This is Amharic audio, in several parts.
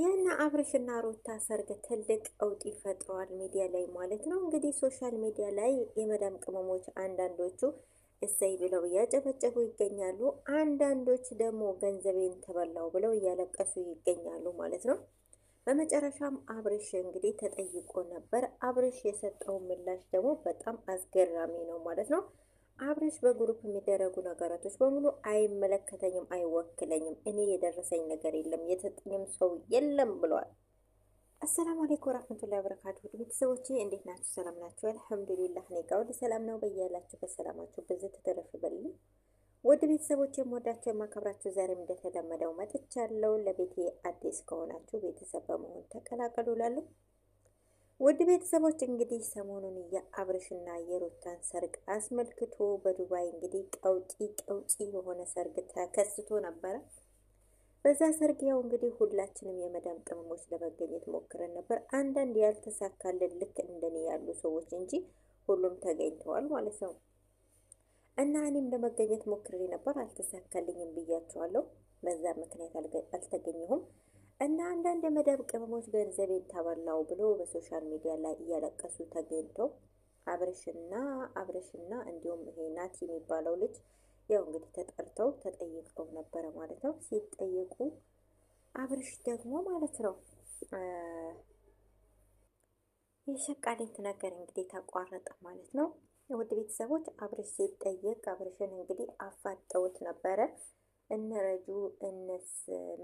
የነ አብርሽና ሩታ ሰርግ ትልቅ እውጥ ይፈጥረዋል ሚዲያ ላይ ማለት ነው። እንግዲህ ሶሻል ሚዲያ ላይ የመዳም ቅመሞች አንዳንዶቹ እሰይ ብለው እያጨበጨቡ ይገኛሉ። አንዳንዶች ደግሞ ገንዘቤን ተበላው ብለው እያለቀሱ ይገኛሉ ማለት ነው። በመጨረሻም አብርሽ እንግዲህ ተጠይቆ ነበር። አብርሽ የሰጠው ምላሽ ደግሞ በጣም አስገራሚ ነው ማለት ነው። አብርሽ በግሩፕ የሚደረጉ ነገራቶች በሙሉ አይመለከተኝም፣ አይወክለኝም፣ እኔ የደረሰኝ ነገር የለም፣ የተጠኝም ሰው የለም ብሏል። አሰላሙ አለይኩም ወራህመቱላሂ ወበረካቱ ቤተሰቦች እንዴት ናችሁ? ሰላም ናችሁ? አልሐምዱሊላህ እኔ ጋር ሁሉ ሰላም ነው። በያላችሁ በሰላማችሁ ብዙ ተደረፍ በሉ። ወደ ቤተሰቦች የምወዳቸው የማከብራችሁ፣ ዛሬም እንደተለመደው መጥቻለሁ። ለቤቴ አዲስ ከሆናችሁ ቤተሰብ በመሆን ተቀላቀሉ እላለሁ። ውድ ቤተሰቦች እንግዲህ ሰሞኑን የአብርሽና የሩታን ሰርግ አስመልክቶ በዱባይ እንግዲህ ቀውጢ ቀውጢ የሆነ ሰርግ ተከስቶ ነበረ። በዛ ሰርግ ያው እንግዲህ ሁላችንም የመዳም ቅመሞች ለመገኘት ሞክረን ነበር። አንዳንድ ያልተሳካልን ልክ እንደኔ ያሉ ሰዎች እንጂ ሁሉም ተገኝተዋል ማለት ነው። እና እኔም ለመገኘት ሞክሬ ነበር፣ አልተሳካልኝም ብያቸዋለሁ። በዛ ምክንያት አልተገኘሁም። እና አንዳንድ የመደብ ቅመሞች ገንዘቤን ተበላው ብሎ በሶሻል ሚዲያ ላይ እያለቀሱ ተገኝቶ አብርሽና አብርሽና እንዲሁም ይሄ ናቲ የሚባለው ልጅ ያው እንግዲህ ተጠርተው ተጠይቀው ነበረ ማለት ነው። ሲጠየቁ አብርሽ ደግሞ ማለት ነው የሸቃሌት ነገር እንግዲህ ተቋረጠ ማለት ነው። ውድ ቤተሰቦች አብርሽ ሲጠየቅ አብርሽን እንግዲህ አፋጠውት ነበረ እነ ረጁ እነስ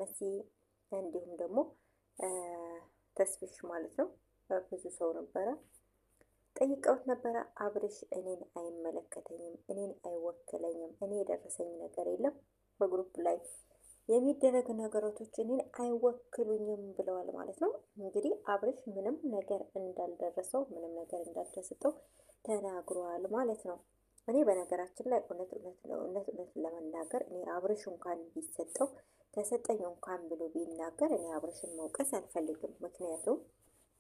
መሲ እንዲሁም ደግሞ ተስፊሽ ማለት ነው። ብዙ ሰው ነበረ ጠይቀውት ነበረ። አብርሽ እኔን አይመለከተኝም፣ እኔን አይወክለኝም፣ እኔ የደረሰኝ ነገር የለም፣ በግሩፕ ላይ የሚደረግ ነገሮቶች እኔን አይወክሉኝም ብለዋል ማለት ነው። እንግዲህ አብርሽ ምንም ነገር እንዳልደረሰው ምንም ነገር እንዳልተሰጠው ተናግሯል ማለት ነው። እኔ በነገራችን ላይ እውነት እውነት እውነት ለመናገር እኔ አብርሽ እንኳን ቢሰጠው ተሰጠኝ እንኳን ብሎ ቢናገር እኔ አብርሽን መውቀስ አልፈልግም። ምክንያቱም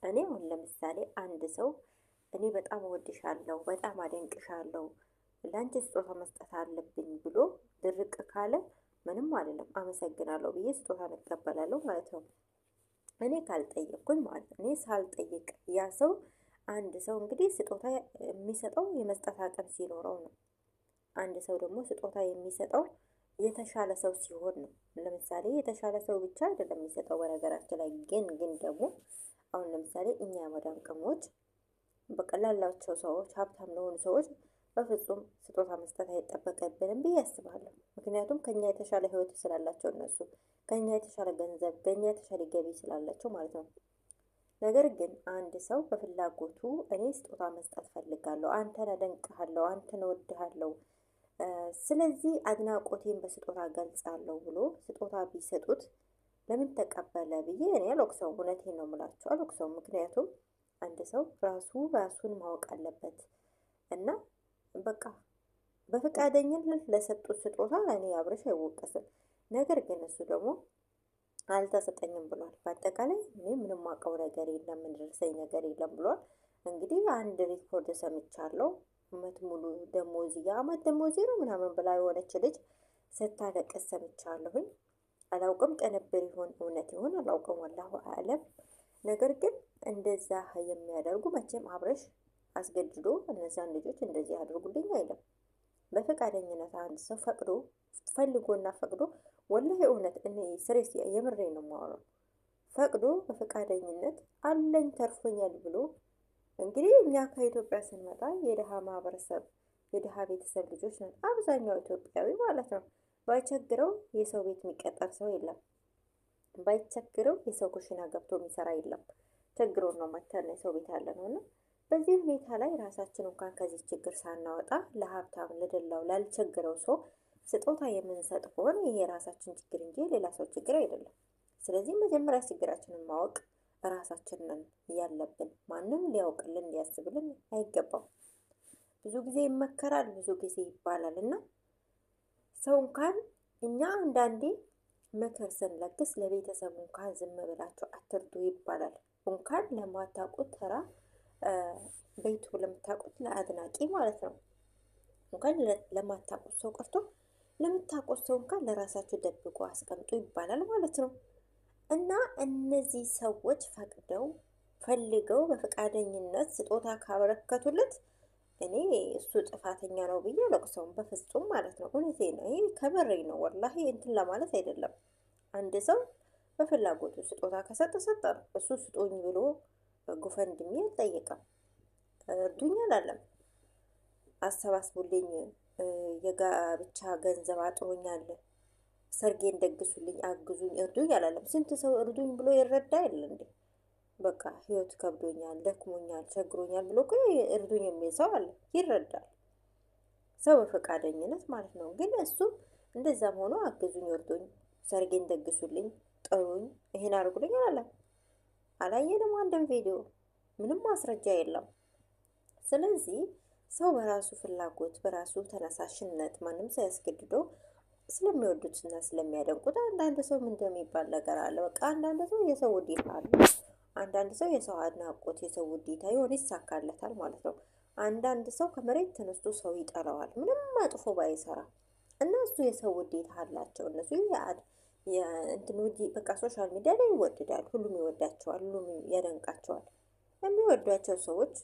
እኔ አሁን ለምሳሌ አንድ ሰው እኔ በጣም እወድሻለሁ፣ በጣም አደንቅሻለሁ፣ ለአንቺ ስጦታ መስጠት አለብኝ ብሎ ድርቅ ካለ ምንም አይደለም፣ አመሰግናለሁ ብዬ ስጦታ እቀበላለሁ ማለት ነው። እኔ ካልጠየቅኩኝ ማለት እኔ ሳልጠይቅ ያ ሰው አንድ ሰው እንግዲህ ስጦታ የሚሰጠው የመስጠት አቅም ሲኖረው ነው። አንድ ሰው ደግሞ ስጦታ የሚሰጠው የተሻለ ሰው ሲሆን ነው። ለምሳሌ የተሻለ ሰው ብቻ አይደለም የሚሰጠው። በነገራችን ላይ ግን ግን ደግሞ አሁን ለምሳሌ እኛ መዳም ቅሞች በቀላላቸው ሰዎች ሀብታም ለሆኑ ሰዎች በፍጹም ስጦታ መስጠት አይጠበቅብንም ብዬ አስባለሁ። ምክንያቱም ከኛ የተሻለ ህይወት ስላላቸው እነሱ ከኛ የተሻለ ገንዘብ ከኛ የተሻለ ገቢ ስላላቸው ማለት ነው። ነገር ግን አንድ ሰው በፍላጎቱ እኔ ስጦታ መስጠት ፈልጋለሁ፣ አንተን አደንቅሃለሁ፣ አንተን እወድሃለሁ ስለዚህ አድናቆቴን በስጦታ ገልጻለሁ ብሎ ስጦታ ቢሰጡት ለምን ተቀበለ ብዬ እኔ አልወቅሰው። እውነቴን ነው የምላችሁ አልወቅሰው። ምክንያቱም አንድ ሰው ራሱ ራሱን ማወቅ አለበት እና በቃ በፈቃደኝነት ለሰጡት ስጦታ እኔ አብረሽ አይወቀስም። ነገር ግን እሱ ደግሞ አልተሰጠኝም ብሏል። በአጠቃላይ እኔ ምንም አውቀው ነገር የለም፣ የምደርሰኝ ነገር የለም ብሏል። እንግዲህ አንድ ሪኮርድ ሰምቻለሁ። አመት ሙሉ ደሞዝ የአመት ደሞዜ ነው ምናምን ብላ የሆነች ልጅ ስታለቅስ ሰምቻለሁኝ። አላውቅም ቅንብር ይሆን እውነት ይሆን አላውቅም፣ ወላሁ አለም። ነገር ግን እንደዛ የሚያደርጉ መቼም አብረሽ አስገድዶ እነዛን ልጆች እንደዚህ ያደርጉልኝ አይለም። በፈቃደኝነት አንድ ሰው ፈቅዶ ፈልጎና ፈቅዶ ወላሂ እውነት እኔ ስሬስ የምሬ ነው ማወራው ፈቅዶ በፈቃደኝነት አለኝ ተርፎኛል ብሎ እንግዲህ እኛ ከኢትዮጵያ ስንመጣ የድሃ ማህበረሰብ የድሃ ቤተሰብ ልጆች ነን። አብዛኛው ኢትዮጵያዊ ማለት ነው። ባይቸግረው የሰው ቤት የሚቀጠር ሰው የለም። ባይቸግረው የሰው ኩሽና ገብቶ የሚሰራ የለም። ቸግሮን ነው መተን የሰው ቤት ያለ ነው እና በዚህ ሁኔታ ላይ ራሳችን እንኳን ከዚህ ችግር ሳናወጣ ለሀብታም፣ ለደላው፣ ላልቸግረው ሰው ስጦታ የምንሰጥ ከሆነ ይሄ የራሳችን ችግር እንጂ ሌላ ሰው ችግር አይደለም። ስለዚህ መጀመሪያ ችግራችንን ማወቅ ራሳችንን ያለብን። ማንም ሊያውቅልን ሊያስብልን አይገባም። ብዙ ጊዜ ይመከራል፣ ብዙ ጊዜ ይባላል እና ሰው እንኳን እኛ አንዳንዴ ምክር ስንለግስ ለቤተሰቡ እንኳን ዝም ብላችሁ አትርዱ ይባላል። እንኳን ለማታውቁት ተራ ቤቱ ለምታውቁት ለአድናቂ ማለት ነው። እንኳን ለማታውቁት ሰው ቀርቶ ለምታውቁት ሰው እንኳን ለራሳችሁ ደብቆ አስቀምጡ ይባላል ማለት ነው። እና እነዚህ ሰዎች ፈቅደው ፈልገው በፈቃደኝነት ስጦታ ካበረከቱለት እኔ እሱ ጥፋተኛ ነው ብዬ አለቅሰውም፣ በፍጹም ማለት ነው። እውነቴ ነው። ይህ ከበሬ ነው። ወላሂ እንትን ለማለት አይደለም። አንድ ሰው በፍላጎቱ ስጦታ ከሰጠ ሰጠ ነው። እሱ ስጦኝ ብሎ ጎፈንድሜ አልጠየቀም። እርዱኝ አላለም። አሰባስቡልኝ የጋብቻ ገንዘብ አጥሮኛል ሰርጌን ደግሱልኝ፣ አግዙኝ፣ እርዱኝ አላለም። ስንት ሰው እርዱኝ ብሎ ይረዳ የለ እንዴ? በቃ ህይወት ከብዶኛል፣ ደክሞኛል፣ ቸግሮኛል ብሎ እኮ እርዱኝ የሚል ሰው አለ፣ ይረዳል። ሰው በፈቃደኝነት ማለት ነው። ግን እሱም እንደዛም ሆኖ አግዙኝ፣ እርዱኝ፣ ሰርጌን ደግሱልኝ፣ ጥሩኝ፣ ይሄን አድርጉልኝ አላለም። አላየንም አንድም ቪዲዮ፣ ምንም ማስረጃ የለም። ስለዚህ ሰው በራሱ ፍላጎት በራሱ ተነሳሽነት ማንም ሳያስገድደው ስለሚወዱትና ስለሚያደንቁት አንዳንድ ሰው ምን እንደሚባል ነገር አለ። በቃ አንዳንድ ሰው የሰው ውዴታ አለ። አንዳንድ ሰው የሰው አድናቆት፣ የሰው ውዴታ የሆነ ይሳካለታል ማለት ነው። አንዳንድ ሰው ከመሬት ተነስቶ ሰው ይጠላዋል፣ ምንም አጥፎ ባይሰራ እና እሱ የሰው ውዴታ አላቸው። እነሱ እንትን በቃ ሶሻል ሚዲያ ላይ ይወድዳል፣ ሁሉም ይወዳቸዋል፣ ሁሉም ያደንቃቸዋል። የሚወዷቸው ሰዎች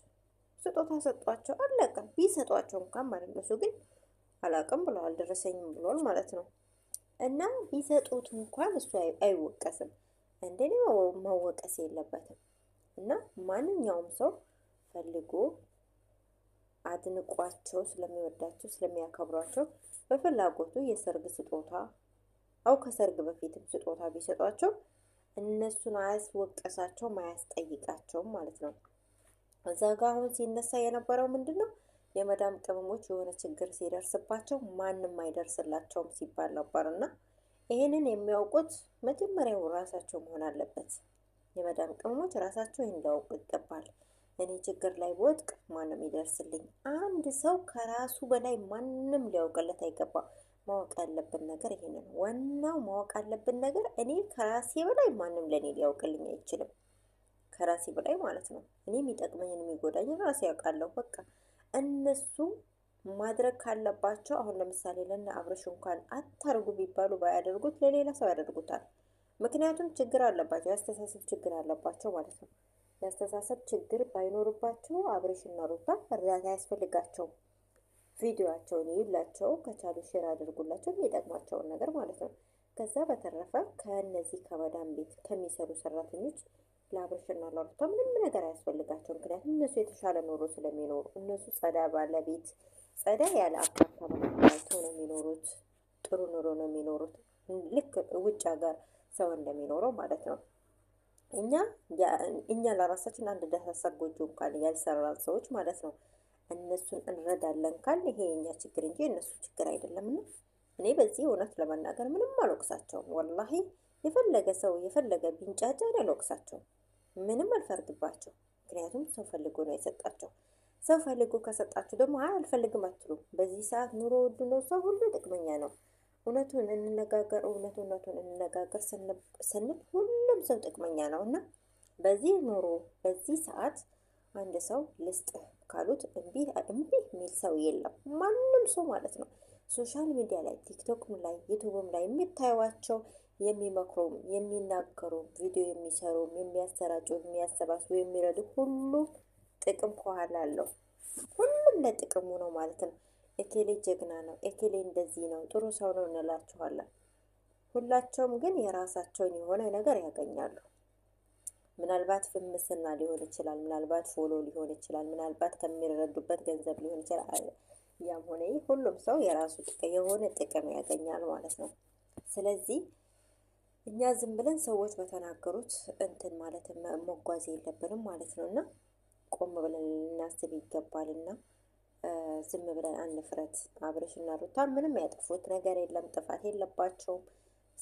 ስጦታ ሰጧቸው አለቀ፣ ቢሰጧቸው እንኳን ማለት ነሱ ግን አላቅም ብለዋል። ደረሰኝም ብሏል ማለት ነው። እና ቢሰጡት እንኳን እሱ አይወቀስም። እንደኔ መወቀስ የለበትም። እና ማንኛውም ሰው ፈልጎ አድንቋቸው ስለሚወዳቸው ስለሚያከብሯቸው በፍላጎቱ የሰርግ ስጦታ አው ከሰርግ በፊትም ስጦታ ቢሰጧቸው እነሱን አያስወቀሳቸውም አያስጠይቃቸውም ማለት ነው። እዛ ጋ አሁን ሲነሳ የነበረው ምንድን ነው? የመዳም ቅመሞች የሆነ ችግር ሲደርስባቸው ማንም አይደርስላቸውም ሲባል ነበር እና ይህንን የሚያውቁት መጀመሪያው ራሳቸው መሆን አለበት። የመዳም ቅመሞች ራሳቸው ይህን ሊያውቁ ይገባል። እኔ ችግር ላይ ወጥቅ ማንም ይደርስልኝ። አንድ ሰው ከራሱ በላይ ማንም ሊያውቅለት አይገባም። ማወቅ ያለብን ነገር ይሄ ነው። ዋናው ማወቅ ያለብን ነገር እኔ ከራሴ በላይ ማንም ለእኔ ሊያውቅልኝ አይችልም። ከራሴ በላይ ማለት ነው። እኔ የሚጠቅመኝን የሚጎዳኝን ራሴ ያውቃለሁ። በቃ እነሱ ማድረግ ካለባቸው አሁን ለምሳሌ ለእነ አብረሽ እንኳን አታርጉ ቢባሉ ባያደርጉት ለሌላ ሰው ያደርጉታል። ምክንያቱም ችግር አለባቸው፣ የአስተሳሰብ ችግር አለባቸው ማለት ነው። የአስተሳሰብ ችግር ባይኖርባቸው አብረሽና ሩታ እርዳታ አያስፈልጋቸውም። ቪዲዮቸውን ይዩላቸው፣ ከቻሉ ሼር አድርጉላቸው፣ የሚጠቅማቸውን ነገር ማለት ነው። ከዛ በተረፈ ከእነዚህ ከመዳን ቤት ከሚሰሩ ሰራተኞች ለአብርሽና ለሩታ ምንም ነገር አያስፈልጋቸው። ምክንያቱም እነሱ የተሻለ ኑሮ ስለሚኖሩ እነሱ ጸዳ ባለቤት ጸዳ ያለ አፓርታማ ነው የሚኖሩት። ጥሩ ኑሮ ነው የሚኖሩት፣ ልክ ውጭ ሀገር ሰው እንደሚኖረው ማለት ነው። እኛ እኛ ለራሳችን አንድ ዳሳሳ ጎጆ እንኳን ያልሰራን ሰዎች ማለት ነው እነሱን እንረዳለን ካል ይሄ የኛ ችግር እንጂ እነሱ ችግር አይደለም። እና እኔ በዚህ እውነት ለመናገር ምንም አልወቅሳቸውም። ወላሂ የፈለገ ሰው የፈለገ ቢንጫጫ አልወቅሳቸውም። ምንም አልፈርድባቸው። ምክንያቱም ሰው ፈልጎ ነው የሰጣቸው። ሰው ፈልጎ ከሰጣችሁ ደግሞ አይ አልፈልግም አትሉ። በዚህ ሰዓት ኑሮ ውድ ነው። ሰው ሁሉ ጥቅመኛ ነው። እውነቱን እንነጋገር፣ እውነት እውነቱን እንነጋገር ስንል ሁሉም ሰው ጥቅመኛ ነው እና በዚህ ኑሮ በዚህ ሰዓት አንድ ሰው ልስጥ ካሉት እምቢ እምቢ የሚል ሰው የለም። ማንም ሰው ማለት ነው። ሶሻል ሚዲያ ላይ ቲክቶክም ላይ ዩቱብም ላይ የምታዩዋቸው የሚመክሩም፣ የሚናገሩም ቪዲዮ የሚሰሩም የሚያሰራጩም የሚያሰባስቡ የሚረዱ ሁሉም ጥቅም ከኋላ አለው። ሁሉም ለጥቅሙ ነው ማለት ነው። ኤኬሌ ጀግና ነው፣ ኤኬሌ እንደዚህ ነው፣ ጥሩ ሰው ነው እንላችኋለን። ሁላቸውም ግን የራሳቸውን የሆነ ነገር ያገኛሉ። ምናልባት ፍምስና ሊሆን ይችላል፣ ምናልባት ፎሎ ሊሆን ይችላል፣ ምናልባት ከሚረዱበት ገንዘብ ሊሆን ይችላል። ያም ሆነ ይህ ሁሉም ሰው የራሱ የሆነ ጥቅም ያገኛል ማለት ነው። ስለዚህ እኛ ዝም ብለን ሰዎች በተናገሩት እንትን ማለት መጓዝ የለብንም ማለት ነው እና ቆም ብለን ልናስብ ይገባል። ይገባልና ዝም ብለን አንፍረት። አብረሽና ሩታ ምንም ያጠፉት ነገር የለም፣ ጥፋት የለባቸውም።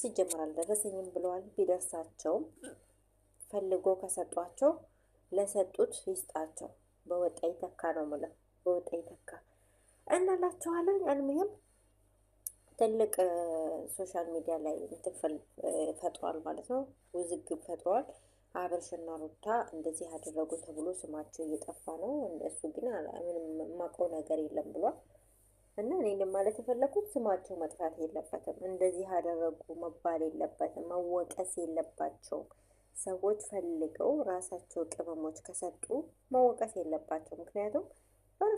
ሲጀመር አልደረሰኝም ብለዋል። ቢደርሳቸውም ፈልጎ ከሰጧቸው ለሰጡት ይስጣቸው። በወጣ ይተካ ነው ምለው፣ በወጣ ይተካ እናላቸዋለን። አልምሄም ትልቅ ሶሻል ሚዲያ ላይ እንትፈል ፈጥሯል ማለት ነው፣ ውዝግብ ፈጥሯል። አብርሽና ሩታ እንደዚህ አደረጉ ተብሎ ስማቸው እየጠፋ ነው። እሱ ግን ምንም የማውቀው ነገር የለም ብሏል። እና እኔ ማለት የፈለኩት ስማቸው መጥፋት የለበትም፣ እንደዚህ አደረጉ መባል የለበትም፣ መወቀስ የለባቸውም። ሰዎች ፈልገው ራሳቸው ቅመሞች ከሰጡ መወቀስ የለባቸው። ምክንያቱም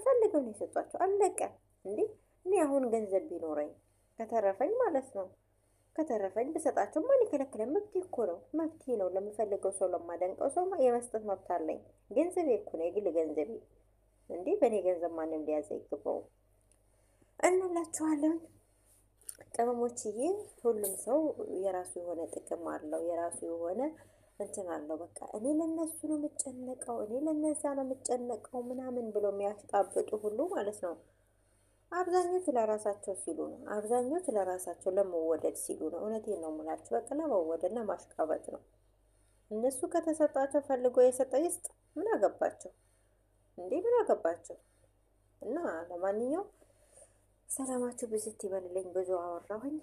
ፈልገው ነው የሰጧቸው። አለቀ እንዴ! እኔ አሁን ገንዘብ ቢኖረኝ ከተረፈኝ ማለት ነው። ከተረፈኝ ብሰጣቸው ማን ይከለክለኝ? መብቴ እኮ ነው፣ መብቴ ነው። ለምፈልገው ሰው፣ ለማደንቀው ሰው የመስጠት መብት አለኝ። ገንዘቤ እኮ ነው፣ የግል ገንዘቤ። እንዲህ በእኔ ገንዘብ ማንም ሊያዘ ይገባው እንላችኋለን። ቅመሞችዬ ሁሉም ሰው የራሱ የሆነ ጥቅም አለው፣ የራሱ የሆነ እንትን አለው። በቃ እኔ ለነሱ ነው የምጨነቀው፣ እኔ ለነዛ ነው የምጨነቀው ምናምን ብሎ የሚያስጣብጡ ሁሉ ማለት ነው አብዛኞቹ ለራሳቸው ሲሉ ነው። አብዛኞቹ ለራሳቸው ለመወደድ ሲሉ ነው። እውነቴን ነው የምላችሁ። በቃ ለመወደድና ማሽቃበጥ ነው። እነሱ ከተሰጣቸው ፈልጎ የሰጠ ይስጥ። ምን አገባቸው እንዴ? ምን አገባቸው? እና ለማንኛው ሰላማችሁ ብዝት ይበልልኝ። ብዙ አወራሁኝ።